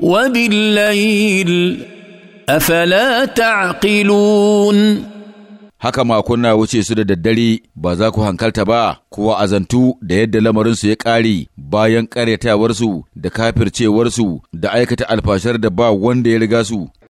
وبالليل أفلا تعقلون haka ma wuce su da daddare ba za ku hankalta ba kuwa azantu da yadda lamarinsu ya ƙare bayan ƙaryatawarsu da kafircewarsu da aikata alfashar da ba wanda ya riga su